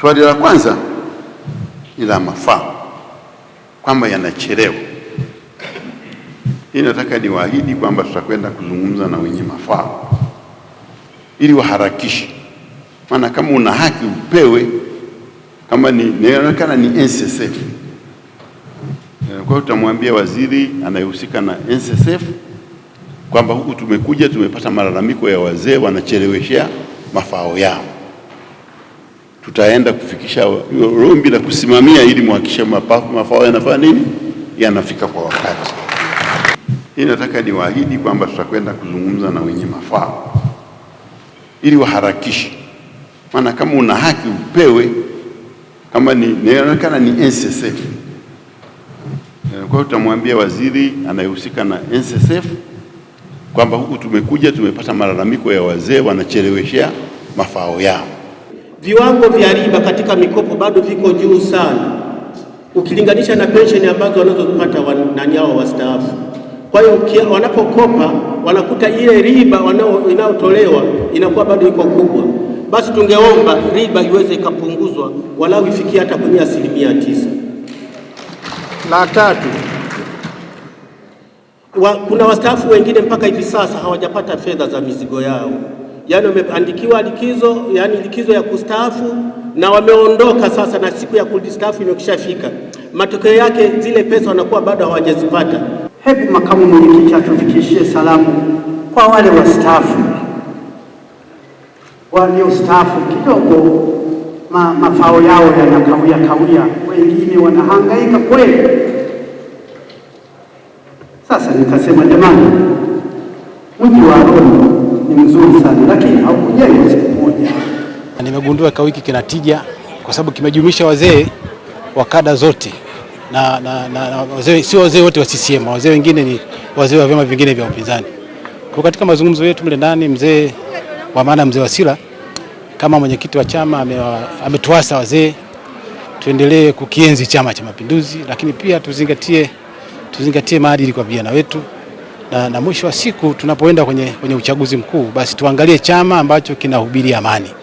Swali la kwanza ni la mafao, kwamba yanachelewa. Hii nataka niwaahidi kwamba tutakwenda kuzungumza na wenye mafao ili waharakishe, maana kama una haki upewe. Kama inaonekana ni, ni NSSF eh, kwa hiyo tutamwambia waziri anayehusika na NSSF kwamba huku tumekuja tumepata malalamiko ya wazee wanacheleweshea mafao yao tutaenda kufikisha rombi na kusimamia ili muhakikishe mafao yanafanya nini, yanafika kwa wakati. Hii nataka niwaahidi kwamba tutakwenda kuzungumza na wenye mafao ili waharakishe, maana kama una haki upewe. Kama inaonekana ni, ni NSSF kwa hiyo tutamwambia waziri anayehusika na NSSF kwamba huku tumekuja tumepata malalamiko ya wazee wanacheleweshea mafao yao. Viwango vya riba katika mikopo bado viko juu sana ukilinganisha na pensheni ambazo wanazopata wanani hao wastaafu. Kwa hiyo wanapokopa wanakuta ile riba inayotolewa inakuwa bado iko kubwa. Basi tungeomba riba iweze ikapunguzwa walau ifikie hata kwenye asilimia tisa. La tatu wa, kuna wastaafu wengine mpaka hivi sasa hawajapata fedha za mizigo yao yani wameandikiwa likizo, yani likizo ya kustaafu na wameondoka sasa, na siku ya kustaafu imekishafika. Matokeo yake zile pesa wanakuwa bado hawajazipata. Hebu makamu mwenyekiti atufikishie salamu kwa wale wastaafu waliostaafu, kidogo ma, mafao yao yanakawia kawia, wengine wanahangaika kweli. Sasa nikasema jamani, mji wa Rombo ni mzuri sana, lakini haukujengwa siku moja. Nimegundua kikao hiki kina tija kwa sababu kimejumuisha wazee wa kada zote na, na, na wazee, sio wazee wote wa CCM, wazee wengine ni wazee wa vyama vingine vya upinzani. Kwa katika mazungumzo yetu mle ndani, mzee wa maana, mzee Wasira kama mwenyekiti wa chama ametuasa wazee tuendelee kukienzi Chama cha Mapinduzi, lakini pia tuzingatie tuzingatie maadili kwa vijana wetu na, na mwisho wa siku tunapoenda kwenye, kwenye uchaguzi mkuu basi tuangalie chama ambacho kinahubiri amani.